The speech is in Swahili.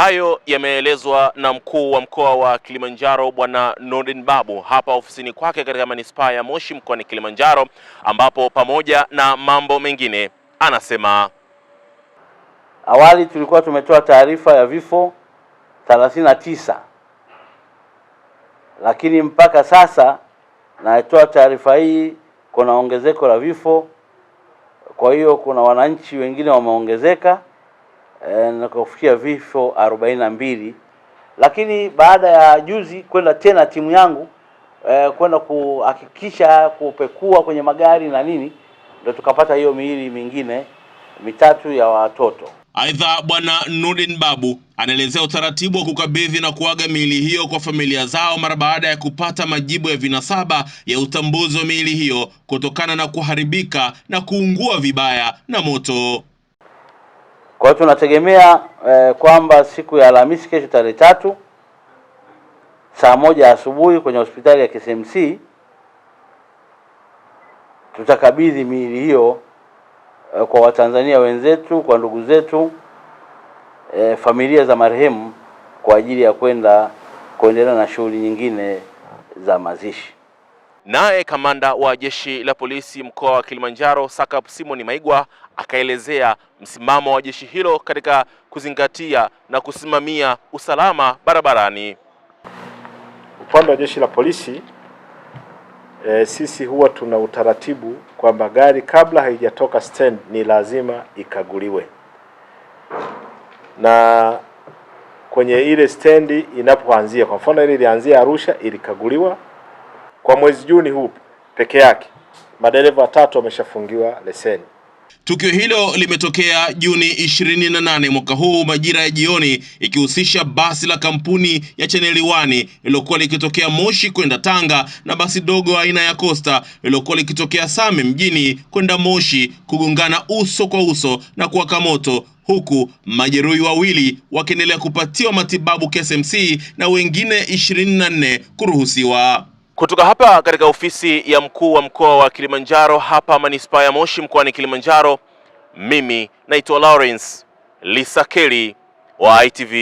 Hayo yameelezwa na mkuu wa mkoa wa Kilimanjaro Bwana Nordin Babu hapa ofisini kwake katika manispaa ya Moshi mkoani Kilimanjaro, ambapo pamoja na mambo mengine anasema awali tulikuwa tumetoa taarifa ya vifo 39 lakini mpaka sasa natoa taarifa hii, kuna ongezeko la vifo. Kwa hiyo kuna wananchi wengine wameongezeka e, eh, na kufikia vifo arobaini na mbili. Lakini baada ya juzi kwenda tena timu yangu e, kwenda kuhakikisha kupekua kwenye magari na nini, ndio tukapata hiyo miili mingine mitatu ya watoto. Aidha, Bwana Nurdin Babu anaelezea utaratibu wa kukabidhi na kuaga miili hiyo kwa familia zao mara baada ya kupata majibu ya vinasaba ya utambuzi wa miili hiyo kutokana na kuharibika na kuungua vibaya na moto. Kwa hiyo tunategemea eh, kwamba siku ya Alhamisi kesho tarehe tatu saa moja asubuhi kwenye hospitali ya KCMC tutakabidhi miili hiyo eh, kwa Watanzania wenzetu, kwa ndugu zetu eh, familia za marehemu kwa ajili ya kwenda kuendelea na shughuli nyingine za mazishi. Naye kamanda wa jeshi la polisi mkoa wa Kilimanjaro SACP Simon Maigwa akaelezea msimamo wa jeshi hilo katika kuzingatia na kusimamia usalama barabarani. Upande wa jeshi la polisi e, sisi huwa tuna utaratibu kwamba gari kabla haijatoka stand ni lazima ikaguliwe, na kwenye ile stendi inapoanzia, kwa mfano ile ilianzia Arusha ilikaguliwa kwa mwezi Juni huu peke yake madereva watatu wameshafungiwa leseni. Tukio hilo limetokea Juni 28 mwaka huu majira ya jioni, ikihusisha basi la kampuni ya Channel One lililokuwa likitokea Moshi kwenda Tanga na basi dogo aina ya Costa lililokuwa likitokea Same mjini kwenda Moshi kugongana uso kwa uso na kuwaka moto, huku majeruhi wawili wakiendelea kupatiwa matibabu KSMC na wengine 24 kuruhusiwa. Kutoka hapa katika ofisi ya mkuu wa mkoa wa Kilimanjaro hapa manispaa ya Moshi mkoani Kilimanjaro, mimi naitwa Lawrence Lisakeli wa ITV.